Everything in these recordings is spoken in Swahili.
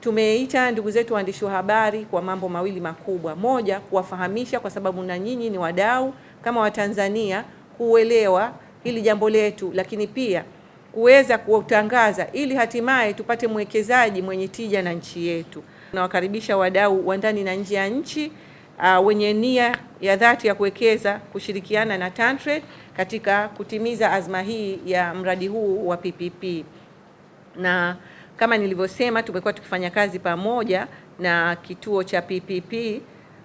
tumeita ndugu zetu waandishi wa habari kwa mambo mawili makubwa. Moja, kuwafahamisha kwa sababu na nyinyi ni wadau kama Watanzania, kuelewa hili jambo letu, lakini pia kuweza kutangaza ili hatimaye tupate mwekezaji mwenye tija na nchi yetu. Nawakaribisha wadau wa ndani na nje ya nchi uh, wenye nia ya dhati ya kuwekeza kushirikiana na Tantrade katika kutimiza azma hii ya mradi huu wa PPP na kama nilivyosema, tumekuwa tukifanya kazi pamoja na kituo cha PPP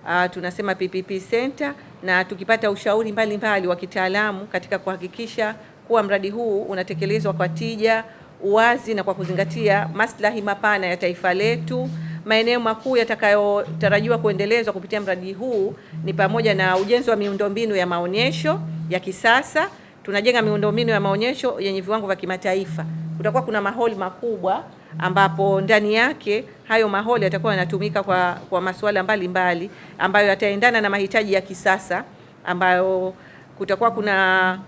uh, tunasema PPP Center na tukipata ushauri mbalimbali wa kitaalamu katika kuhakikisha kuwa mradi huu unatekelezwa kwa tija, uwazi na kwa kuzingatia maslahi mapana ya taifa letu. Maeneo makuu yatakayotarajiwa kuendelezwa kupitia mradi huu ni pamoja na ujenzi wa miundombinu ya maonyesho ya kisasa. Tunajenga miundombinu ya maonyesho yenye viwango vya kimataifa. Kutakuwa kuna maholi makubwa ambapo ndani yake hayo maholi yatakuwa yanatumika kwa, kwa masuala mbalimbali ambayo yataendana na mahitaji ya kisasa ambayo kutakuwa kuna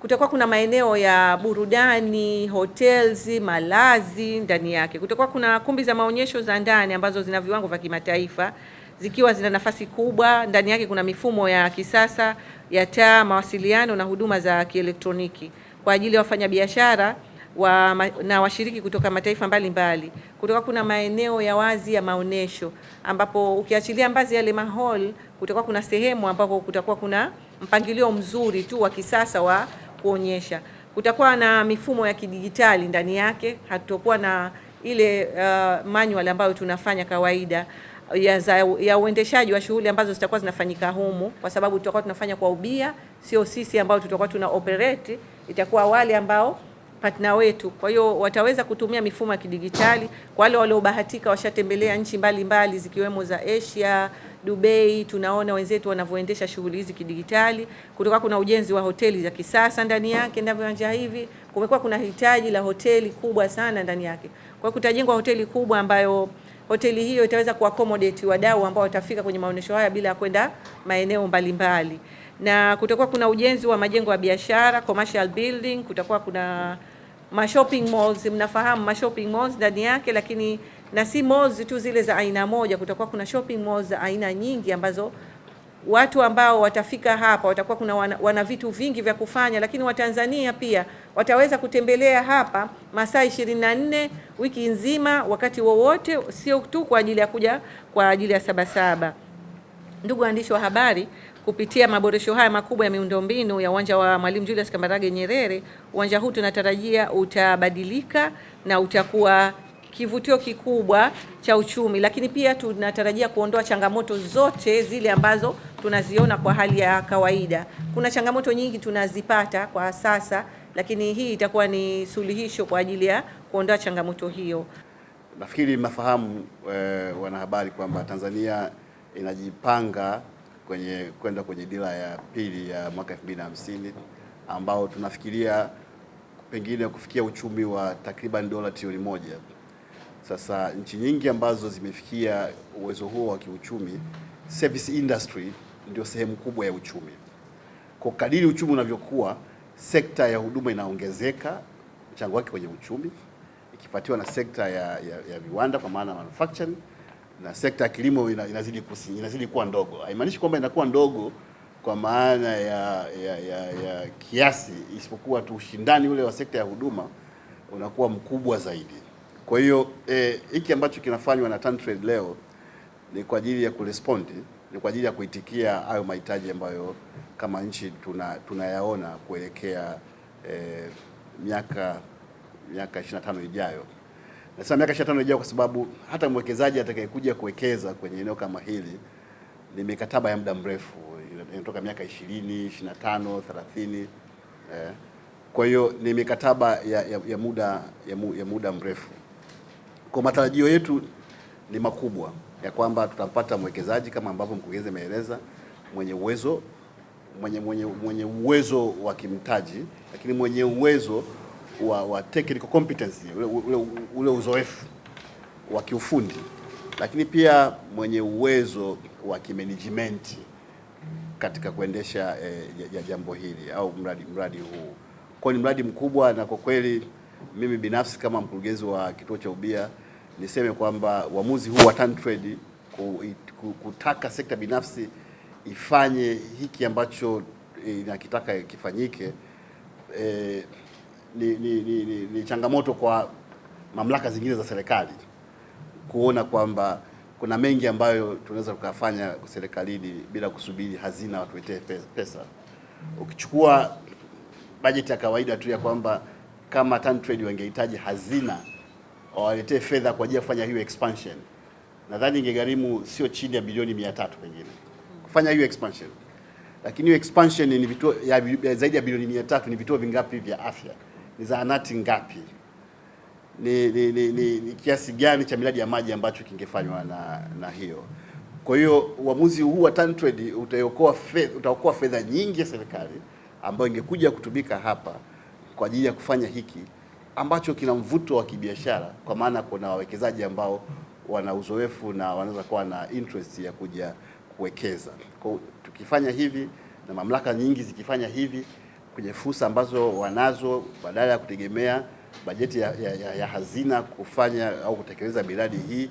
kutakuwa kuna maeneo ya burudani, hotels, malazi ndani yake. Kutakuwa kuna kumbi za maonyesho za ndani ambazo zina viwango vya kimataifa zikiwa zina nafasi kubwa. Ndani yake kuna mifumo ya kisasa ya taa, mawasiliano na huduma za kielektroniki kwa ajili ya wafanyabiashara wa, na washiriki kutoka mataifa mbalimbali mbali. Kutoka kuna maeneo ya wazi ya maonesho ambapo ukiachilia mbazi yale mahol, kutakuwa kuna sehemu ambapo kutakuwa kuna mpangilio mzuri tu wa kisasa wa kuonyesha. Kutakuwa na mifumo ya kidijitali ndani yake, hatutakuwa na ile uh, manual ambayo tunafanya kawaida ya, za, ya uendeshaji wa shughuli ambazo zitakuwa zinafanyika humu, kwa sababu tutakuwa tunafanya kwa ubia, sio sisi ambao tutakuwa tuna operate, itakuwa wale ambao partner wetu. Kwa hiyo wataweza kutumia mifumo ya kidigitali. Kwa wale waliobahatika washatembelea nchi mbalimbali mbali, zikiwemo za Asia, Dubai, tunaona wenzetu wanavyoendesha shughuli hizi kidigitali. Kutoka kuna ujenzi wa hoteli za kisasa ndani yake na viwanja hivi, kumekuwa kuna hitaji la hoteli kubwa sana ndani yake. Kwa hiyo kutajengwa hoteli kubwa ambayo hoteli hiyo itaweza kuaccommodate wadau ambao watafika kwenye maonyesho haya bila ya kwenda maeneo mbalimbali mbali. Na kutakuwa kuna ujenzi wa majengo ya biashara, commercial building, kutakuwa kuna shopping malls, mnafahamu shopping malls ndani yake, lakini na si malls tu zile za aina moja, kutakuwa kuna shopping malls za aina nyingi ambazo watu ambao watafika hapa watakuwa kuna wana, wana vitu vingi vya kufanya, lakini Watanzania pia wataweza kutembelea hapa masaa nne wiki nzima, wakati wowote, sio tu kwa ajili ya kuja kwa ajili ya Sabasaba. Ndugu waandishi wa habari, Kupitia maboresho haya makubwa ya miundombinu ya uwanja wa Mwalimu Julius Kambarage Nyerere, uwanja huu tunatarajia utabadilika na utakuwa kivutio kikubwa cha uchumi, lakini pia tunatarajia kuondoa changamoto zote zile ambazo tunaziona kwa hali ya kawaida. Kuna changamoto nyingi tunazipata kwa sasa, lakini hii itakuwa ni suluhisho kwa ajili ya kuondoa changamoto hiyo. Nafikiri mnafahamu eh, wanahabari, kwamba Tanzania inajipanga kwenye kwenda kwenye dira ya pili ya mwaka 2050 ambao tunafikiria pengine kufikia uchumi wa takriban dola trilioni moja. Sasa nchi nyingi ambazo zimefikia uwezo huo wa kiuchumi, service industry ndio sehemu kubwa ya uchumi. Kwa kadiri uchumi unavyokuwa, sekta ya huduma inaongezeka mchango wake kwenye uchumi, ikifuatiwa na sekta ya, ya, ya viwanda kwa maana manufacturing na sekta ya kilimo inazidi inazidi kuwa ndogo. Haimaanishi kwamba inakuwa ndogo kwa maana ya, ya, ya, ya kiasi, isipokuwa tu ushindani ule wa sekta ya huduma unakuwa mkubwa zaidi. Kwa hiyo e, hiki eh, ambacho kinafanywa na TanTrade leo ni kwa ajili ya kurespondi, ni kwa ajili ya kuitikia hayo mahitaji ambayo kama nchi tunayaona tuna kuelekea eh, miaka miaka 25 ijayo. Nasema miaka 25 ijayo kwa sababu hata mwekezaji atakayekuja kuwekeza kwenye eneo kama hili ni mikataba ya muda mrefu inatoka miaka 20, 25, 30. Eh, kwa hiyo ni mikataba ya, ya, ya muda ya, mu, ya muda mrefu. Kwa matarajio yetu ni makubwa ya kwamba tutampata mwekezaji kama ambavyo mkurugenzi ameeleza mwenye uwezo mwenye, mwenye, mwenye uwezo wa kimtaji lakini mwenye uwezo wa, wa technical competence ule, ule, ule uzoefu wa kiufundi, lakini pia mwenye uwezo wa kimanagement katika kuendesha eh, jambo hili au mradi mradi huu. Kwa ni mradi mkubwa, na kwa kweli mimi binafsi kama mkurugenzi wa kituo cha ubia niseme kwamba uamuzi huu wa TanTrade kutaka sekta binafsi ifanye hiki ambacho eh, inakitaka kifanyike eh, ni, ni, ni, ni, ni changamoto kwa mamlaka zingine za serikali kuona kwamba kuna mengi ambayo tunaweza tukafanya serikalini bila kusubiri hazina watuletee pesa. Ukichukua bajeti ya kawaida tu ya kwamba kama TanTrade wangehitaji hazina wawaletee fedha kwa ajili ya kufanya hiyo expansion, nadhani ingegharimu sio chini ya bilioni mia tatu pengine kufanya hiyo expansion, lakini hiyo expansion ni vituo ya zaidi ya bilioni mia tatu ni vituo vingapi vya afya? ni zahanati ngapi, ni, ni, ni, ni, ni kiasi gani cha miradi ya maji ambacho kingefanywa na, na hiyo. Kwa hiyo uamuzi huu wa TANTRAD utaokoa utaokoa fedha nyingi ya serikali ambayo ingekuja kutumika hapa kwa ajili ya kufanya hiki ambacho kina mvuto wa kibiashara, kwa maana kuna wawekezaji ambao wana uzoefu na wanaweza kuwa na interest ya kuja kuwekeza. Kwa tukifanya hivi na mamlaka nyingi zikifanya hivi kwenye fursa ambazo wanazo badala ya kutegemea bajeti ya, ya, ya hazina kufanya au kutekeleza miradi hii.